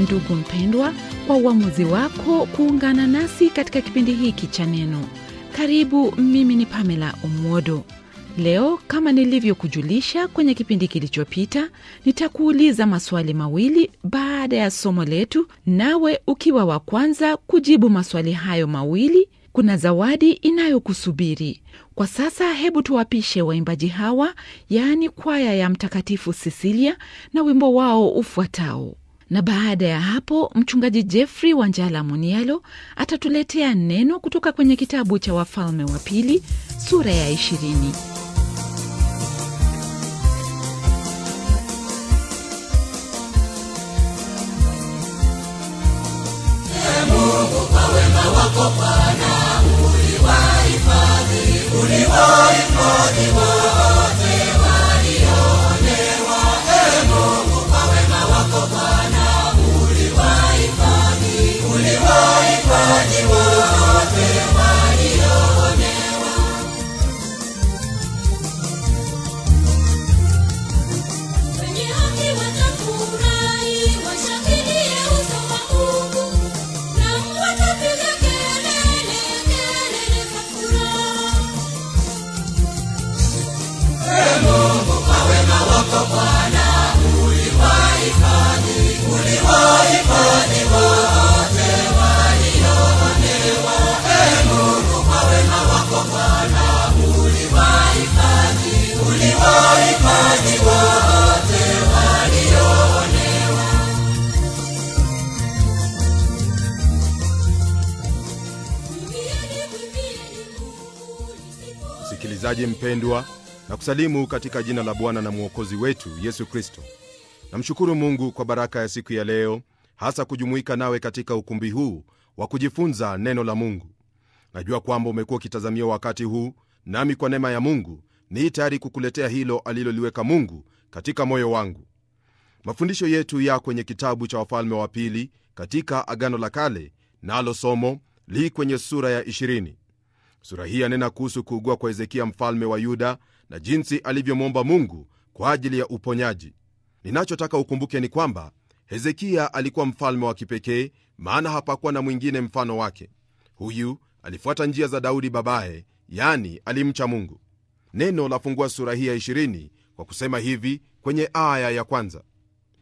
ndugu mpendwa, kwa uamuzi wako kuungana nasi katika kipindi hiki cha Neno. Karibu, mimi ni Pamela Umwodo. Leo kama nilivyokujulisha kwenye kipindi kilichopita, nitakuuliza maswali mawili baada ya somo letu, nawe ukiwa wa kwanza kujibu maswali hayo mawili, kuna zawadi inayokusubiri. Kwa sasa, hebu tuwapishe waimbaji hawa, yaani kwaya ya Mtakatifu Sisilia na wimbo wao ufuatao na baada ya hapo mchungaji Jeffrey Wanjala Munialo atatuletea neno kutoka kwenye kitabu cha Wafalme wa Pili sura ya ishirini. Mungu kwa wema msikilizaji mpendwa na kusalimu katika jina la bwana na mwokozi wetu yesu kristo namshukuru mungu kwa baraka ya siku ya leo hasa kujumuika nawe katika ukumbi huu wa kujifunza neno la mungu najua kwamba umekuwa ukitazamia wakati huu nami kwa neema ya mungu ni tayari kukuletea hilo aliloliweka mungu katika moyo wangu mafundisho yetu ya kwenye kitabu cha wafalme wa pili katika agano la kale nalo na somo li kwenye sura ya Sura hii yanena kuhusu kuugua kwa Hezekia mfalme wa Yuda na jinsi alivyomwomba Mungu kwa ajili ya uponyaji. Ninachotaka ukumbuke ni kwamba Hezekia alikuwa mfalme wa kipekee, maana hapakuwa na mwingine mfano wake. Huyu alifuata njia za Daudi babaye, yani alimcha Mungu. Neno lafungua sura hii ya 20 kwa kusema hivi kwenye aya ya kwanza: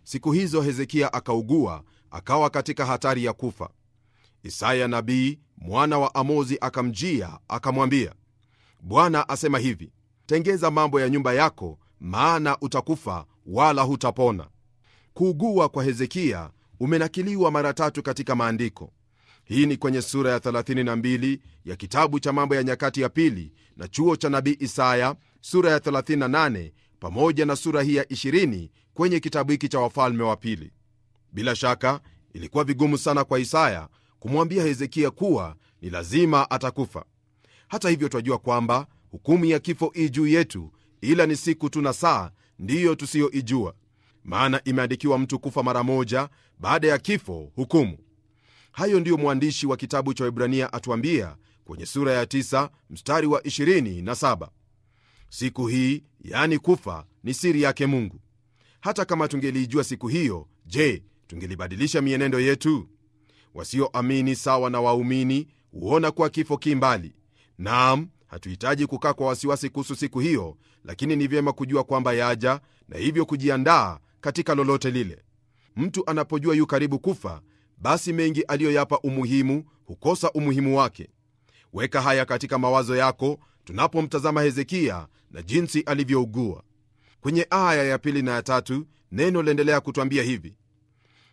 siku hizo Hezekia akaugua, akawa katika hatari ya kufa. Isaya nabii mwana wa Amozi akamjia akamwambia, Bwana asema hivi, tengeza mambo ya nyumba yako, maana utakufa wala hutapona. Kuugua kwa Hezekia umenakiliwa mara tatu katika maandiko. Hii ni kwenye sura ya 32 ya kitabu cha Mambo ya Nyakati ya Pili na chuo cha nabii Isaya sura ya 38 pamoja na sura hii ya 20 kwenye kitabu hiki cha Wafalme wa Pili. Bila shaka ilikuwa vigumu sana kwa Isaya kumwambia hezekia kuwa ni lazima atakufa hata hivyo twajua kwamba hukumu ya kifo ii juu yetu ila ni siku tu na saa ndiyo tusiyoijua maana imeandikiwa mtu kufa mara moja baada ya kifo hukumu hayo ndiyo mwandishi wa kitabu cha wibrania atuambia kwenye sura ya 9 mstari wa 27 siku hii yani kufa ni siri yake mungu hata kama tungeliijua siku hiyo je tungelibadilisha mienendo yetu Wasioamini sawa na waumini huona kuwa kifo kimbali. nam hatuhitaji kukaa kwa wasiwasi kuhusu siku hiyo, lakini ni vyema kujua kwamba yaja, na hivyo kujiandaa katika lolote lile. Mtu anapojua yu karibu kufa, basi mengi aliyoyapa umuhimu hukosa umuhimu wake. Weka haya katika mawazo yako tunapomtazama hezekiya na jinsi alivyougua. Kwenye aya ya pili na ya tatu neno liendelea kutwambia hivi: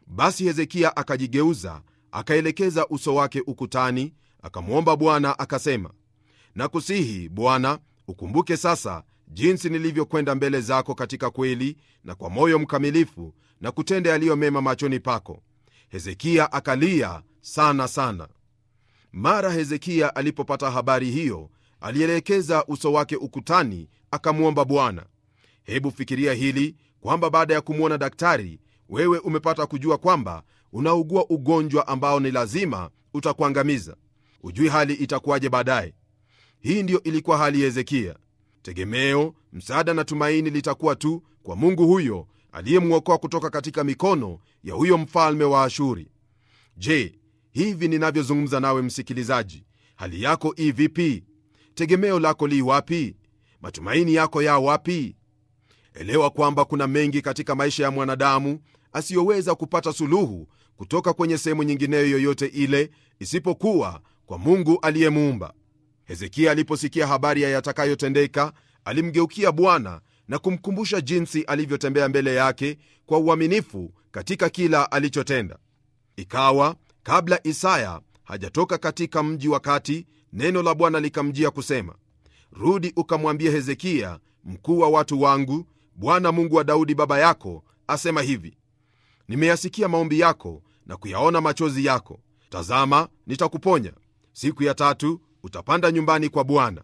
basi hezekiya akajigeuza akaelekeza uso wake ukutani, akamwomba Bwana akasema, nakusihi Bwana, ukumbuke sasa jinsi nilivyokwenda mbele zako katika kweli na kwa moyo mkamilifu, na kutenda yaliyo mema machoni pako. Hezekia akalia sana sana. Mara Hezekia alipopata habari hiyo, alielekeza uso wake ukutani, akamwomba Bwana. Hebu fikiria hili kwamba baada ya kumwona daktari, wewe umepata kujua kwamba unaugua ugonjwa ambao ni lazima utakuangamiza. ujui hali itakuwaje baadaye. Hii ndiyo ilikuwa hali ya Hezekia. Tegemeo, msaada na tumaini litakuwa tu kwa Mungu huyo aliyemwokoa kutoka katika mikono ya huyo mfalme wa Ashuri. Je, hivi ninavyozungumza nawe msikilizaji, hali yako i vipi? Tegemeo lako lii wapi? Matumaini yako ya wapi? Elewa kwamba kuna mengi katika maisha ya mwanadamu asiyoweza kupata suluhu kutoka kwenye sehemu nyingineyo yoyote ile isipokuwa kwa Mungu aliyemuumba. Hezekia aliposikia habari ya yatakayotendeka, alimgeukia Bwana na kumkumbusha jinsi alivyotembea mbele yake kwa uaminifu katika kila alichotenda. Ikawa kabla Isaya hajatoka katika mji wa kati, neno la Bwana likamjia kusema, rudi ukamwambia Hezekia, mkuu wa watu wangu, Bwana Mungu wa Daudi baba yako asema hivi, nimeyasikia maombi yako na kuyaona machozi yako. Tazama, nitakuponya. Siku ya tatu utapanda nyumbani kwa Bwana.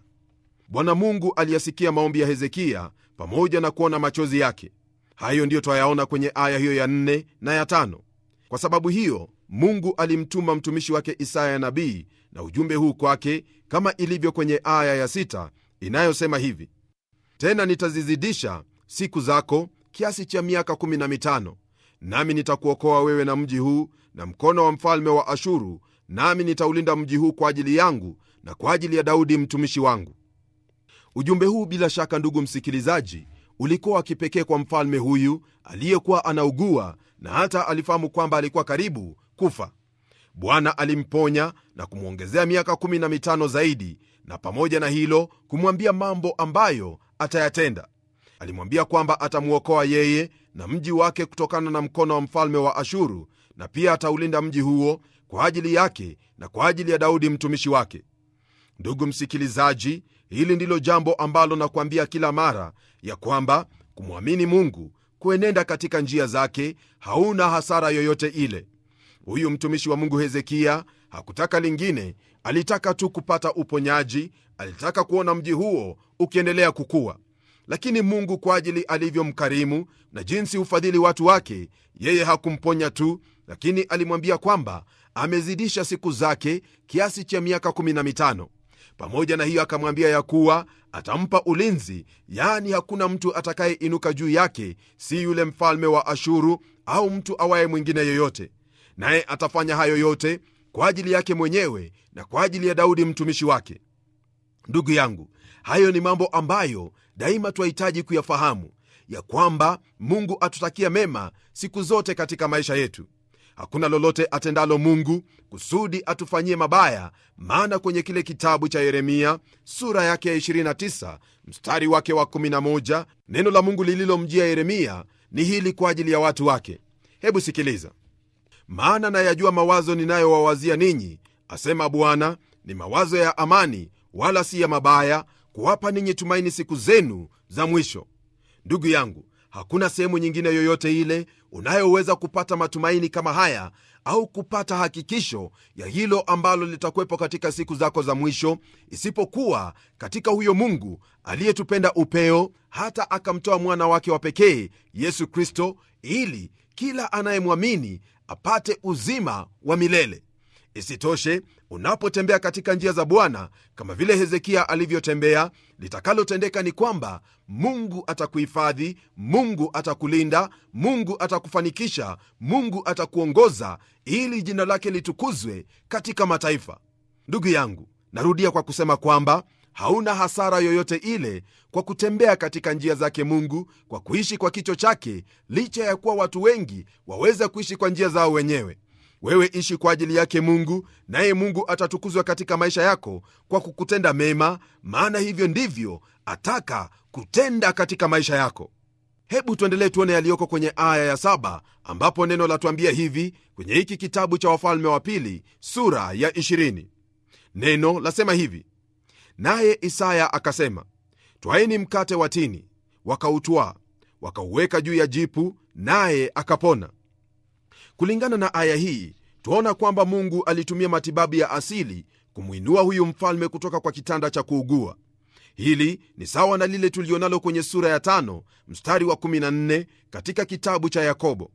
Bwana Mungu aliyasikia maombi ya Hezekia pamoja na kuona machozi yake. Hayo ndiyo twayaona kwenye aya hiyo ya nne na ya tano. Kwa sababu hiyo Mungu alimtuma mtumishi wake Isaya nabii na ujumbe huu kwake, kama ilivyo kwenye aya ya sita inayosema hivi: tena nitazizidisha siku zako kiasi cha miaka kumi na mitano, nami nitakuokoa wewe na mji huu na mkono wa mfalme wa Ashuru, nami nitaulinda mji huu kwa ajili yangu na kwa ajili ya Daudi mtumishi wangu. Ujumbe huu bila shaka, ndugu msikilizaji, ulikuwa wa kipekee kwa mfalme huyu aliyekuwa anaugua na hata alifahamu kwamba alikuwa karibu kufa. Bwana alimponya na kumwongezea miaka kumi na mitano zaidi, na pamoja na hilo kumwambia mambo ambayo atayatenda alimwambia kwamba atamwokoa yeye na mji wake kutokana na mkono wa mfalme wa Ashuru, na pia ataulinda mji huo kwa ajili yake na kwa ajili ya Daudi mtumishi wake. Ndugu msikilizaji, hili ndilo jambo ambalo nakuambia kila mara ya kwamba kumwamini Mungu, kuenenda katika njia zake, hauna hasara yoyote ile. Huyu mtumishi wa Mungu Hezekia hakutaka lingine, alitaka tu kupata uponyaji, alitaka kuona mji huo ukiendelea kukua lakini Mungu kwa ajili alivyomkarimu na jinsi ufadhili watu wake, yeye hakumponya tu, lakini alimwambia kwamba amezidisha siku zake kiasi cha miaka 15. Pamoja na hiyo akamwambia ya kuwa atampa ulinzi, yaani hakuna mtu atakayeinuka juu yake, si yule mfalme wa Ashuru au mtu awaye mwingine yoyote, naye atafanya hayo yote kwa ajili yake mwenyewe na kwa ajili ya Daudi mtumishi wake. Ndugu yangu, hayo ni mambo ambayo Daima twahitaji kuyafahamu ya kwamba Mungu atutakia mema siku zote katika maisha yetu. Hakuna lolote atendalo Mungu kusudi atufanyie mabaya, maana kwenye kile kitabu cha Yeremia sura yake ya 29 mstari wake wa 11 neno la Mungu lililomjia Yeremia ni hili kwa ajili ya watu wake. Hebu sikiliza: maana nayajua mawazo ninayowawazia ninyi, asema Bwana, ni mawazo ya amani, wala si ya mabaya, kuwapa ninyi tumaini siku zenu za mwisho. Ndugu yangu, hakuna sehemu nyingine yoyote ile unayoweza kupata matumaini kama haya au kupata hakikisho ya hilo ambalo litakuwepo katika siku zako za mwisho isipokuwa katika huyo Mungu aliyetupenda upeo hata akamtoa mwana wake wa pekee Yesu Kristo ili kila anayemwamini apate uzima wa milele. Isitoshe, unapotembea katika njia za Bwana kama vile Hezekia alivyotembea, litakalotendeka ni kwamba Mungu atakuhifadhi, Mungu atakulinda, Mungu atakufanikisha, Mungu atakuongoza ili jina lake litukuzwe katika mataifa. Ndugu yangu, narudia kwa kusema kwamba hauna hasara yoyote ile kwa kutembea katika njia zake Mungu, kwa kuishi kwa kicho chake, licha ya kuwa watu wengi waweza kuishi kwa njia zao wenyewe. Wewe ishi kwa ajili yake Mungu, naye Mungu atatukuzwa katika maisha yako kwa kukutenda mema, maana hivyo ndivyo ataka kutenda katika maisha yako. Hebu tuendelee tuone yaliyoko kwenye aya ya saba ambapo neno latuambia hivi kwenye hiki kitabu cha Wafalme wa Pili sura ya ishirini. Neno lasema hivi: naye Isaya akasema, twaeni mkate wa tini. Wakautwaa wakauweka juu ya jipu, naye akapona kulingana na aya hii twaona kwamba mungu alitumia matibabu ya asili kumwinua huyu mfalme kutoka kwa kitanda cha kuugua hili ni sawa na lile tulionalo kwenye sura ya tano mstari wa 14 katika kitabu cha yakobo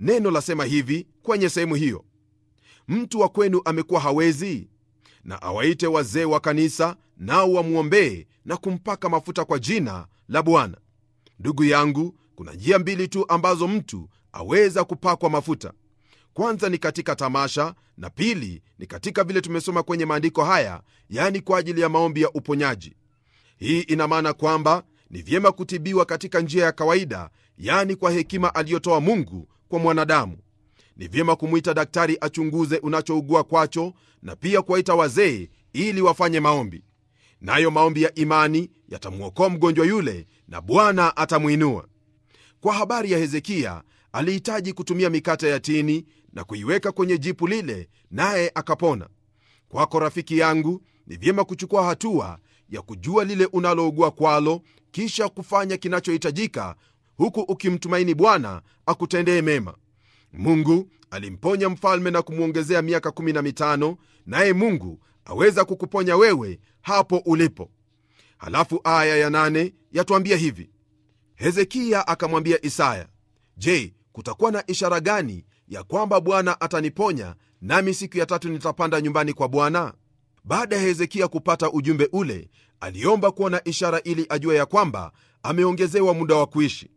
neno lasema hivi kwenye sehemu hiyo mtu wa kwenu amekuwa hawezi na awaite wazee wa kanisa nao wamwombee na kumpaka mafuta kwa jina la bwana ndugu yangu kuna njia mbili tu ambazo mtu aweza kupakwa mafuta kwanza ni katika tamasha na pili ni katika vile tumesoma kwenye maandiko haya yani kwa ajili ya maombi ya uponyaji hii ina maana kwamba ni vyema kutibiwa katika njia ya kawaida yani kwa hekima aliyotoa mungu kwa mwanadamu ni vyema kumwita daktari achunguze unachougua kwacho na pia kuwaita wazee ili wafanye maombi nayo na maombi ya imani yatamwokoa mgonjwa yule na bwana atamwinua kwa habari ya hezekiya alihitaji kutumia mikate ya tini na kuiweka kwenye jipu lile, naye akapona. Kwako rafiki yangu, ni vyema kuchukua hatua ya kujua lile unalougua kwalo, kisha kufanya kinachohitajika, huku ukimtumaini Bwana akutendee mema. Mungu alimponya mfalme na kumwongezea miaka 15, naye Mungu aweza kukuponya wewe hapo ulipo. Halafu aya ya nane yatuambia hivi: Hezekia akamwambia Isaya, Je, kutakuwa na ishara gani ya kwamba Bwana ataniponya nami siku ya tatu nitapanda nyumbani kwa Bwana? Baada ya Hezekia kupata ujumbe ule, aliomba kuona ishara ili ajua ya kwamba ameongezewa muda wa kuishi.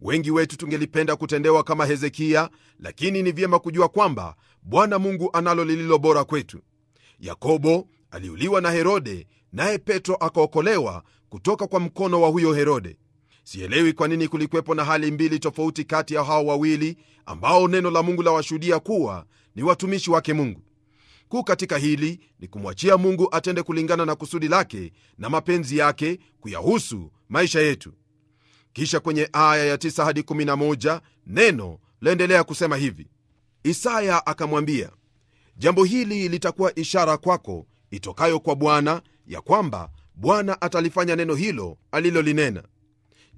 Wengi wetu tungelipenda kutendewa kama Hezekia, lakini ni vyema kujua kwamba Bwana Mungu analo lililo bora kwetu. Yakobo aliuliwa na Herode, naye Petro akaokolewa kutoka kwa mkono wa huyo Herode sielewi kwa nini kulikuwepo na hali mbili tofauti kati ya hao wawili ambao neno la mungu lawashuhudia kuwa ni watumishi wake mungu kuu katika hili ni kumwachia mungu atende kulingana na kusudi lake na mapenzi yake kuyahusu maisha yetu kisha kwenye aya ya 9 hadi 11 neno laendelea kusema hivi isaya akamwambia jambo hili litakuwa ishara kwako itokayo kwa bwana ya kwamba bwana atalifanya neno hilo alilolinena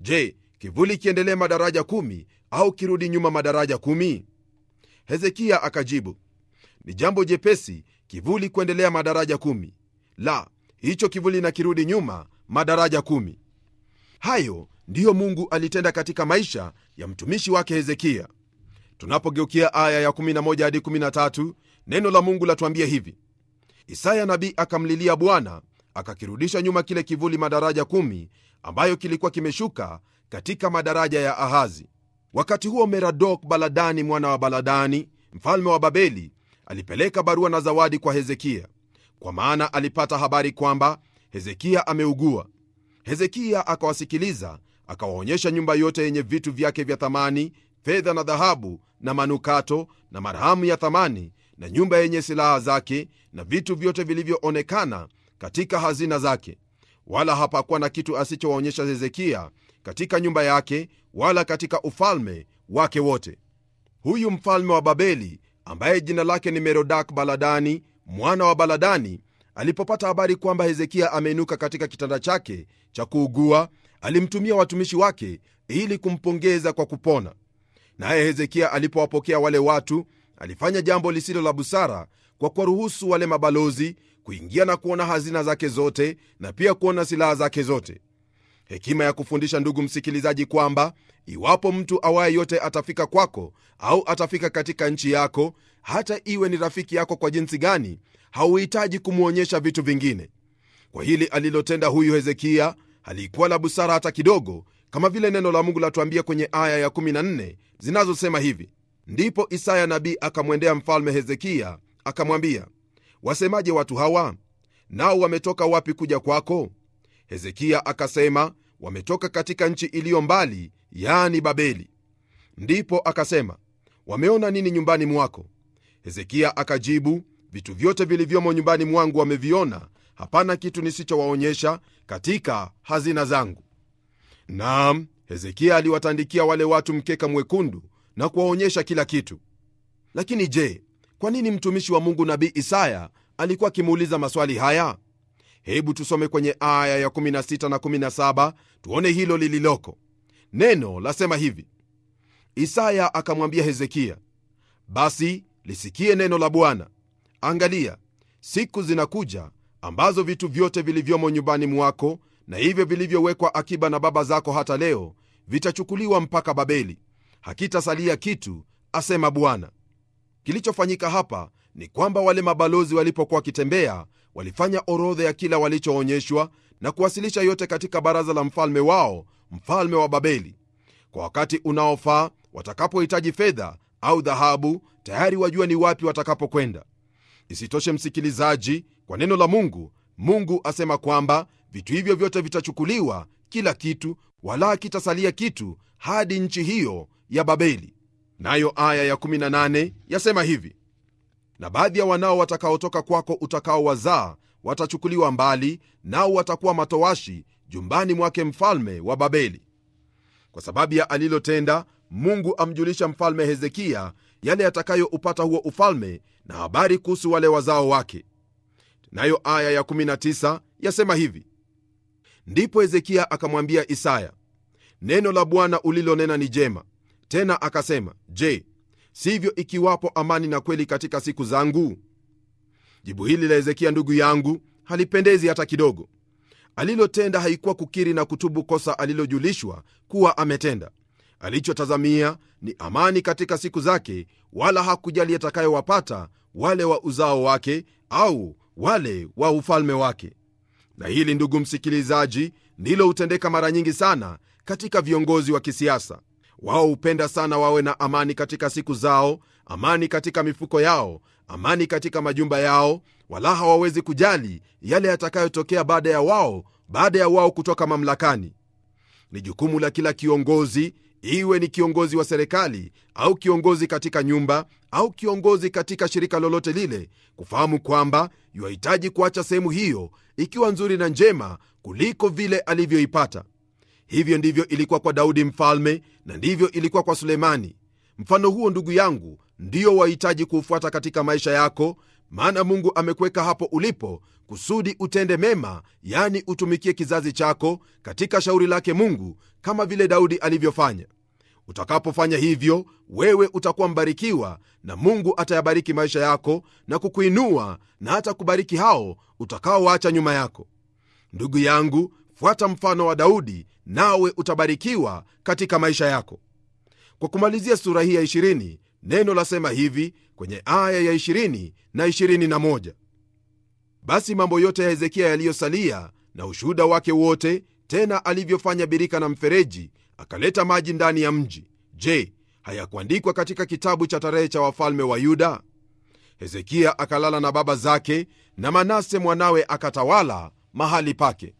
Je, kivuli kiendelee madaraja kumi au kirudi nyuma madaraja kumi? hezekiya akajibu, ni jambo jepesi kivuli kuendelea madaraja kumi. La, hicho kivuli na kirudi nyuma madaraja kumi. Hayo ndiyo Mungu alitenda katika maisha ya mtumishi wake Hezekia. Tunapogeukia aya ya 11 hadi 13, neno la Mungu latuambia hivi: Isaya nabii akamlilia Bwana akakirudisha nyuma kile kivuli madaraja kumi ambayo kilikuwa kimeshuka katika madaraja ya Ahazi. Wakati huo meradok Baladani mwana wa Baladani mfalme wa Babeli alipeleka barua na zawadi kwa Hezekia, kwa maana alipata habari kwamba Hezekia ameugua. Hezekia akawasikiliza, akawaonyesha nyumba yote yenye vitu vyake vya thamani, fedha na dhahabu na manukato na marhamu ya thamani, na nyumba yenye silaha zake na vitu vyote vilivyoonekana katika hazina zake wala hapakuwa na kitu asichowaonyesha hezekia katika nyumba yake wala katika ufalme wake wote huyu mfalme wa babeli ambaye jina lake ni merodak baladani mwana wa baladani alipopata habari kwamba hezekia ameinuka katika kitanda chake cha kuugua alimtumia watumishi wake ili kumpongeza kwa kupona naye hezekia alipowapokea wale watu alifanya jambo lisilo la busara kwa kuwaruhusu wale mabalozi kuingia na kuona hazina zake zote na pia kuona silaha zake zote. Hekima ya kufundisha, ndugu msikilizaji, kwamba iwapo mtu awaye yote atafika kwako au atafika katika nchi yako, hata iwe ni rafiki yako kwa jinsi gani, hauhitaji kumwonyesha vitu vingine. Kwa hili alilotenda huyu hezekiya halikuwa la busara hata kidogo, kama vile neno la Mungu latuambia kwenye aya ya 14 zinazosema hivi: ndipo Isaya nabii akamwendea mfalme Hezekia akamwambia wasemaje watu hawa? Nao wametoka wapi kuja kwako? Hezekia akasema, wametoka katika nchi iliyo mbali, yaani Babeli. Ndipo akasema, wameona nini nyumbani mwako? Hezekia akajibu, vitu vyote vilivyomo nyumbani mwangu wameviona, hapana kitu nisichowaonyesha katika hazina zangu. nam Hezekia aliwatandikia wale watu mkeka mwekundu na kuwaonyesha kila kitu. Lakini je, kwa nini mtumishi wa Mungu nabii Isaya alikuwa akimuuliza maswali haya? Hebu tusome kwenye aya ya 16 na 17, tuone hilo lililoko. Neno lasema hivi: Isaya akamwambia Hezekia, basi lisikie neno la Bwana. Angalia, siku zinakuja ambazo vitu vyote vilivyomo nyumbani mwako na hivyo vilivyowekwa akiba na baba zako hata leo vitachukuliwa mpaka Babeli, hakitasalia kitu, asema Bwana. Kilichofanyika hapa ni kwamba wale mabalozi walipokuwa wakitembea walifanya orodha ya kila walichoonyeshwa na kuwasilisha yote katika baraza la mfalme wao, mfalme wa Babeli, kwa wakati unaofaa, watakapohitaji fedha au dhahabu, tayari wajua ni wapi watakapokwenda. Isitoshe msikilizaji, kwa neno la Mungu, Mungu asema kwamba vitu hivyo vyote vitachukuliwa, kila kitu, wala akitasalia kitu hadi nchi hiyo ya Babeli nayo aya ya 18 yasema hivi na baadhi ya wanao watakaotoka kwako utakaowazaa watachukuliwa mbali, nao watakuwa matowashi jumbani mwake mfalme wa Babeli. Kwa sababu ya alilotenda, Mungu amjulisha mfalme hezekiya yale yatakayoupata huo ufalme na habari kuhusu wale wazao wake. Nayo aya ya 19 yasema hivi: ndipo hezekiya akamwambia Isaya, neno la Bwana ulilonena ni jema, tena akasema, Je, sivyo ikiwapo amani na kweli katika siku zangu? Jibu hili la Hezekia ndugu yangu halipendezi hata kidogo. Alilotenda haikuwa kukiri na kutubu kosa alilojulishwa kuwa ametenda. Alichotazamia ni amani katika siku zake, wala hakujali atakayowapata wale wa uzao wake au wale wa ufalme wake. Na hili ndugu msikilizaji, ndilo hutendeka mara nyingi sana katika viongozi wa kisiasa. Wao hupenda sana wawe na amani katika siku zao, amani katika mifuko yao, amani katika majumba yao, wala hawawezi kujali yale yatakayotokea baada ya wao, baada ya wao kutoka mamlakani. Ni jukumu la kila kiongozi, iwe ni kiongozi wa serikali au kiongozi katika nyumba au kiongozi katika shirika lolote lile, kufahamu kwamba yuahitaji kuacha sehemu hiyo ikiwa nzuri na njema kuliko vile alivyoipata. Hivyo ndivyo ilikuwa kwa Daudi mfalme, na ndivyo ilikuwa kwa Sulemani. Mfano huo, ndugu yangu, ndiyo wahitaji kuufuata katika maisha yako, maana Mungu amekuweka hapo ulipo kusudi utende mema, yani utumikie kizazi chako katika shauri lake Mungu, kama vile Daudi alivyofanya. Utakapofanya hivyo, wewe utakuwa mbarikiwa, na Mungu atayabariki maisha yako na kukuinua, na hata kubariki hao utakaowaacha nyuma yako. Ndugu yangu, fuata mfano wa Daudi nawe utabarikiwa katika maisha yako. Kwa kumalizia sura hii ya 20, neno lasema hivi kwenye aya ya 20 na 21: basi mambo yote ya Hezekia yaliyosalia na ushuhuda wake wote, tena alivyofanya birika na mfereji, akaleta maji ndani ya mji, je, hayakuandikwa katika kitabu cha tarehe cha wafalme wa Yuda? Hezekia akalala na baba zake, na Manase mwanawe akatawala mahali pake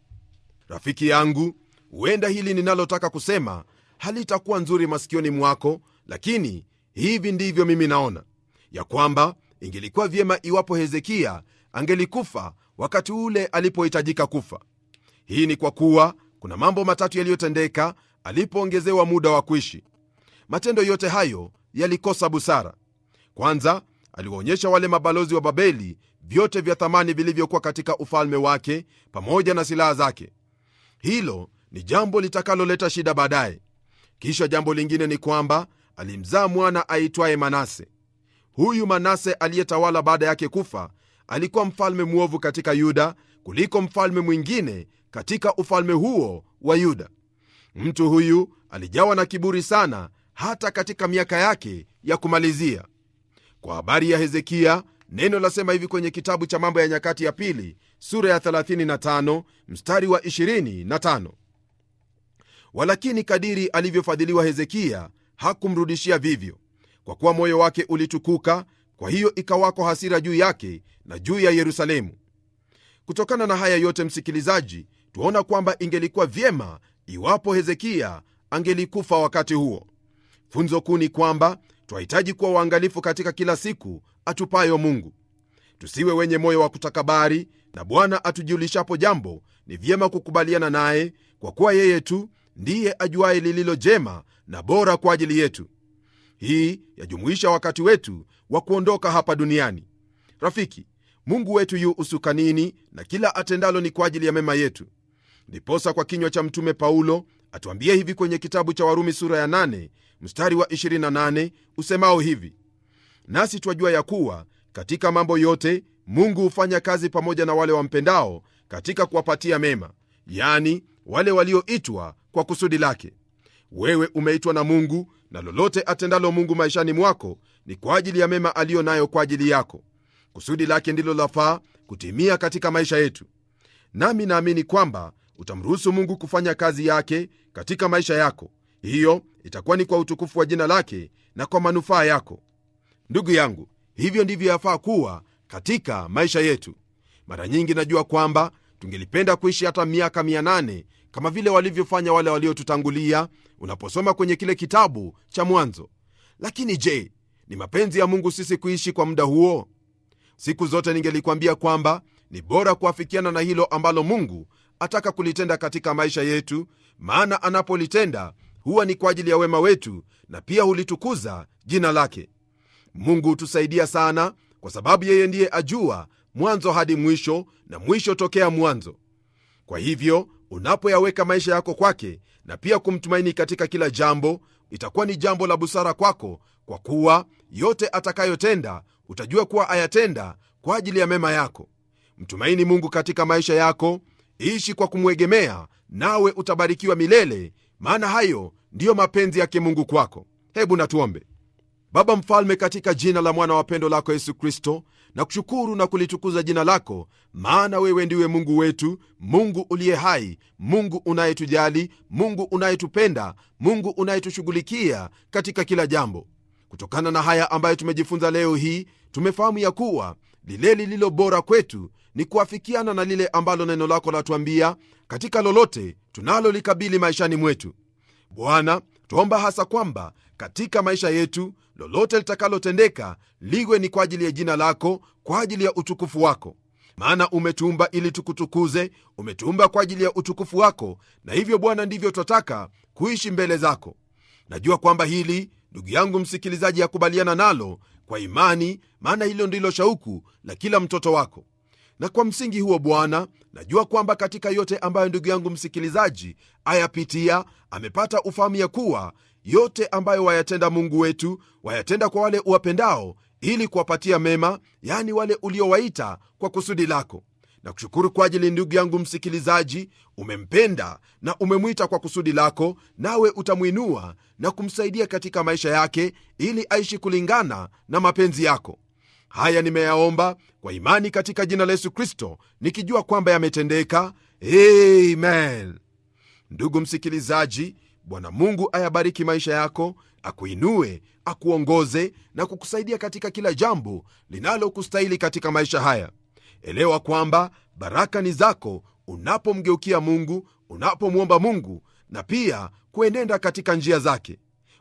rafiki yangu huenda hili ninalotaka kusema halitakuwa nzuri masikioni mwako lakini hivi ndivyo mimi naona ya kwamba ingelikuwa vyema iwapo hezekia angelikufa wakati ule alipohitajika kufa hii ni kwa kuwa kuna mambo matatu yaliyotendeka alipoongezewa muda wa kuishi matendo yote hayo yalikosa busara kwanza aliwaonyesha wale mabalozi wa babeli vyote vya thamani vilivyokuwa katika ufalme wake pamoja na silaha zake hilo ni jambo litakaloleta shida baadaye. Kisha jambo lingine ni kwamba alimzaa mwana aitwaye Manase. Huyu Manase aliyetawala baada yake kufa alikuwa mfalme mwovu katika Yuda kuliko mfalme mwingine katika ufalme huo wa Yuda. Mtu huyu alijawa na kiburi sana hata katika miaka yake ya kumalizia. Kwa habari ya Hezekia, neno lasema hivi kwenye kitabu cha mambo ya nyakati ya pili sura ya 35 mstari wa 25 walakini kadiri alivyofadhiliwa hezekiya hakumrudishia vivyo kwa kuwa moyo wake ulitukuka kwa hiyo ikawako hasira juu yake na juu ya yerusalemu kutokana na haya yote msikilizaji tuaona kwamba ingelikuwa vyema iwapo hezekiya angelikufa wakati huo funzo kuu ni kwamba twahitaji kuwa waangalifu katika kila siku atupayo Mungu, tusiwe wenye moyo wa kutakabari, na Bwana atujulishapo jambo ni vyema kukubaliana naye, kwa kuwa yeye tu ndiye ajuaye lililo jema na bora kwa ajili yetu. Hii yajumuisha wakati wetu wa kuondoka hapa duniani. Rafiki, Mungu wetu yu usukanini na kila atendalo ni kwa ajili ya mema yetu. Ndiposa kwa kinywa cha Mtume Paulo atuambie hivi kwenye kitabu cha Warumi sura ya 8 mstari wa 28 usemao hivi nasi twajua ya kuwa katika mambo yote mungu hufanya kazi pamoja na wale wampendao katika kuwapatia mema yani wale walioitwa kwa kusudi lake wewe umeitwa na mungu na lolote atendalo mungu maishani mwako ni kwa ajili ya mema aliyo nayo kwa ajili yako kusudi lake ndilo lafaa kutimia katika maisha yetu nami naamini kwamba utamruhusu mungu kufanya kazi yake katika maisha yako hiyo itakuwa ni kwa utukufu wa jina lake na kwa manufaa yako. Ndugu yangu, hivyo ndivyo yafaa kuwa katika maisha yetu. Mara nyingi najua kwamba tungelipenda kuishi hata miaka mia kama vile walivyofanya wale waliotutangulia, unaposoma kwenye kile kitabu cha Mwanzo. Lakini je, ni mapenzi ya Mungu sisi kuishi kwa muda huo? Siku zote ningelikwambia kwamba ni bora kuafikiana na hilo ambalo Mungu ataka kulitenda katika maisha yetu, maana anapolitenda huwa ni kwa ajili ya wema wetu na pia hulitukuza jina lake. Mungu hutusaidia sana, kwa sababu yeye ndiye ajua mwanzo hadi mwisho na mwisho tokea mwanzo. Kwa hivyo unapoyaweka maisha yako kwake na pia kumtumaini katika kila jambo, itakuwa ni jambo la busara kwako, kwa kuwa yote atakayotenda utajua kuwa ayatenda kwa ajili ya mema yako. Mtumaini Mungu katika maisha yako, ishi kwa kumwegemea, nawe utabarikiwa milele maana hayo ndiyo mapenzi yake Mungu kwako. Hebu natuombe. Baba Mfalme, katika jina la mwana wa pendo lako Yesu Kristo, na kushukuru na kulitukuza jina lako, maana wewe ndiwe Mungu wetu, Mungu uliye hai, Mungu unayetujali, Mungu unayetupenda, Mungu unayetushughulikia katika kila jambo. Kutokana na haya ambayo tumejifunza leo hii, tumefahamu ya kuwa lile lililo bora kwetu ni kuafikiana na lile ambalo neno lako latuambia katika lolote tunalolikabili maishani mwetu. Bwana, twaomba hasa kwamba katika maisha yetu lolote litakalotendeka liwe ni kwa ajili ya jina lako, kwa ajili ya utukufu wako, maana umetuumba ili tukutukuze, umetuumba kwa ajili ya utukufu wako, na hivyo Bwana, ndivyo twataka kuishi mbele zako. Najua kwamba hili ndugu yangu msikilizaji, yakubaliana nalo kwa imani, maana hilo ndilo shauku la kila mtoto wako na kwa msingi huo bwana najua kwamba katika yote ambayo ndugu yangu msikilizaji ayapitia amepata ufahamu ya kuwa yote ambayo wayatenda mungu wetu wayatenda kwa wale uwapendao ili kuwapatia mema yani wale uliowaita kwa kusudi lako na kushukuru kwa ajili ndugu yangu msikilizaji umempenda na umemwita kwa kusudi lako nawe utamwinua na kumsaidia katika maisha yake ili aishi kulingana na mapenzi yako haya nimeyaomba kwa imani katika jina la Yesu Kristo, nikijua kwamba yametendeka. Amen. Ndugu msikilizaji, Bwana Mungu ayabariki maisha yako, akuinue, akuongoze na kukusaidia katika kila jambo linalokustahili katika maisha haya. Elewa kwamba baraka ni zako unapomgeukia Mungu, unapomwomba Mungu na pia kuenenda katika njia zake.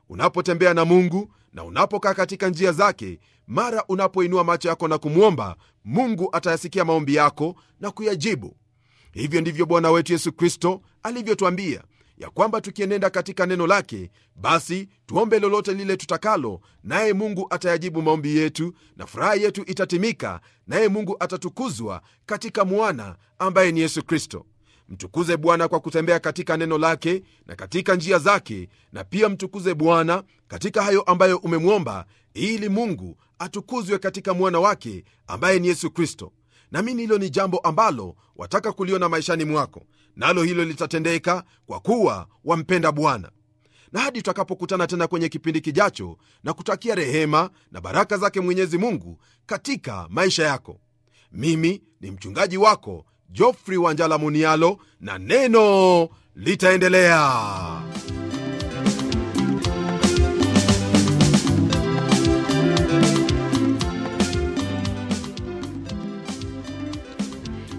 Unapotembea na Mungu na unapokaa katika njia zake, mara unapoinua macho yako na kumwomba mungu atayasikia maombi yako na kuyajibu hivyo ndivyo bwana wetu yesu kristo alivyotwambia ya kwamba tukienenda katika neno lake basi tuombe lolote lile tutakalo naye mungu atayajibu maombi yetu na furaha yetu itatimika naye mungu atatukuzwa katika mwana ambaye ni yesu kristo Mtukuze Bwana kwa kutembea katika neno lake na katika njia zake, na pia mtukuze Bwana katika hayo ambayo umemwomba, ili Mungu atukuzwe katika mwana wake ambaye ni Yesu Kristo. Naamini hilo ni jambo ambalo wataka kuliona maishani mwako, nalo hilo litatendeka kwa kuwa wampenda Bwana. Na hadi tutakapokutana tena kwenye kipindi kijacho, na kutakia rehema na baraka zake Mwenyezi Mungu katika maisha yako. Mimi ni mchungaji wako jofri Wanjala Munialo, na neno litaendelea.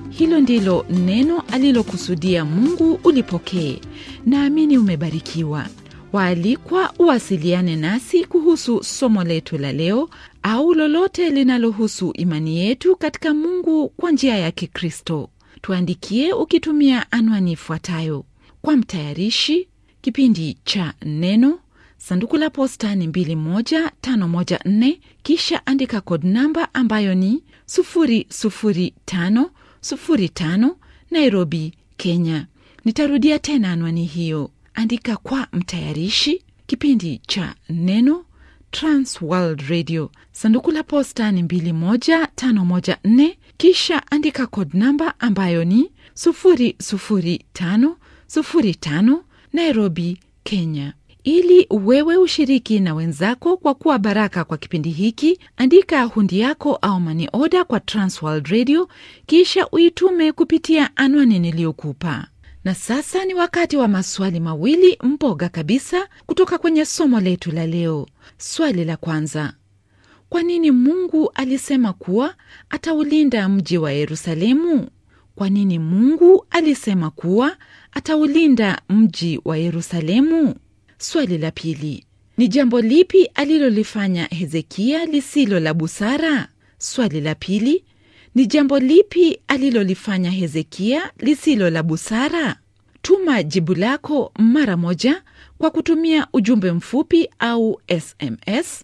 Hilo ndilo neno alilokusudia Mungu ulipokee. Naamini umebarikiwa. Waalikwa uwasiliane nasi kuhusu somo letu la leo au lolote linalohusu imani yetu katika Mungu kwa njia ya Kikristo tuandikie ukitumia anwani ifuatayo: kwa mtayarishi kipindi cha Neno, sanduku la posta ni 21514, kisha andika kod namba ambayo ni 00505 Nairobi, Kenya. Nitarudia tena anwani hiyo, andika kwa mtayarishi kipindi cha Neno, Transworld Radio, sanduku la posta ni 21514 kisha andika code namba ambayo ni 00505 Nairobi, Kenya. Ili wewe ushiriki na wenzako kwa kuwa baraka kwa kipindi hiki, andika hundi yako au mani oda kwa Transworld Radio kisha uitume kupitia anwani niliyokupa. Na sasa ni wakati wa maswali mawili mboga kabisa kutoka kwenye somo letu la leo. Swali la kwanza, kwa nini Mungu alisema kuwa ataulinda mji wa Yerusalemu? Kwa nini Mungu alisema kuwa ataulinda mji wa Yerusalemu? Swali la pili, ni jambo lipi alilolifanya Hezekia lisilo la busara? Swali la pili, ni jambo lipi alilolifanya Hezekia lisilo la busara? Tuma jibu lako mara moja kwa kutumia ujumbe mfupi au SMS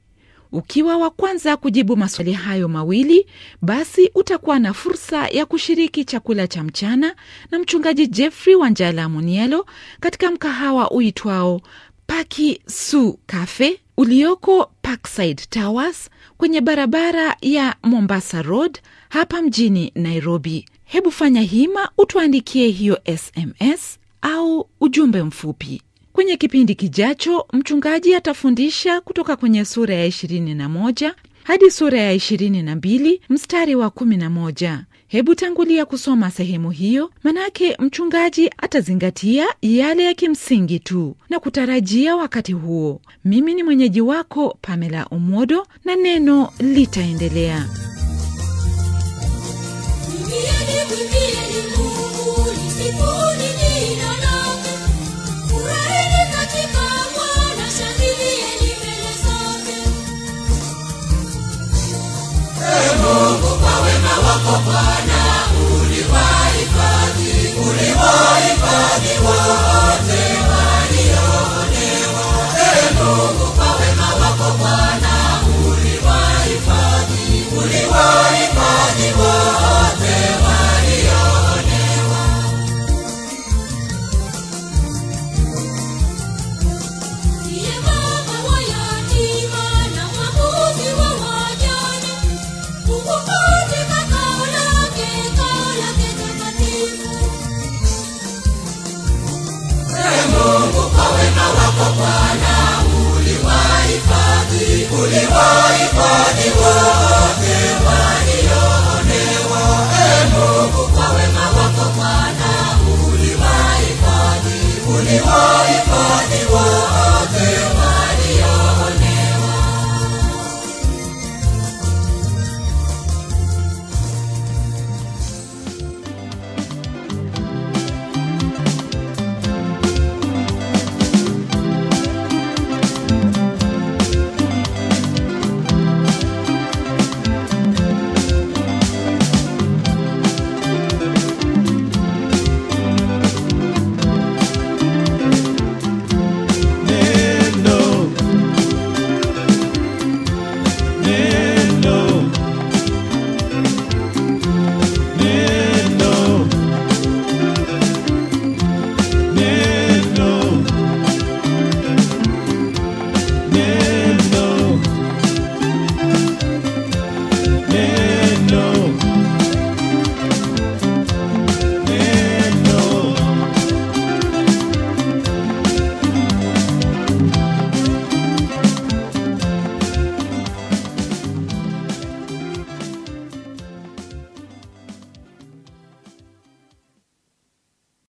Ukiwa wa kwanza kujibu maswali hayo mawili, basi utakuwa na fursa ya kushiriki chakula cha mchana na mchungaji Jeffrey Wanjala Munielo katika mkahawa uitwao Paki Su Cafe ulioko Parkside Towers kwenye barabara ya Mombasa Road hapa mjini Nairobi. Hebu fanya hima utuandikie hiyo SMS au ujumbe mfupi. Kwenye kipindi kijacho mchungaji atafundisha kutoka kwenye sura ya 21 hadi sura ya 22 mstari wa 11. Hebu tangulia kusoma sehemu hiyo, manake mchungaji atazingatia yale ya kimsingi tu na kutarajia wakati huo. Mimi ni mwenyeji wako Pamela Omodo na neno litaendelea. Mungu kwa wema wako Bwana, uliwahifadhi wote wako Bwana uliwahifadhi, uliwahifadhi wote walioonewa. E Mungu, kwa wema